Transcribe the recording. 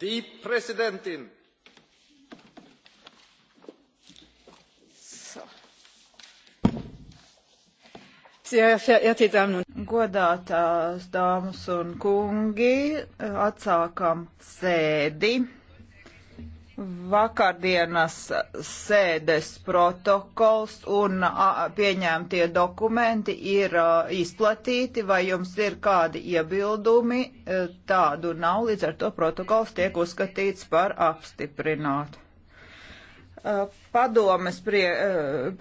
die präsidentin! godātās dāmas un kungi atsākam sēdi. Vakardienas sēdes protokols un pieņemtie dokumenti ir izplatīti, vai jums ir kādi iebildumi, e, tādu nav, līdz ar to protokols tiek uzskatīts par apstiprinātu. E, padomes prie, e,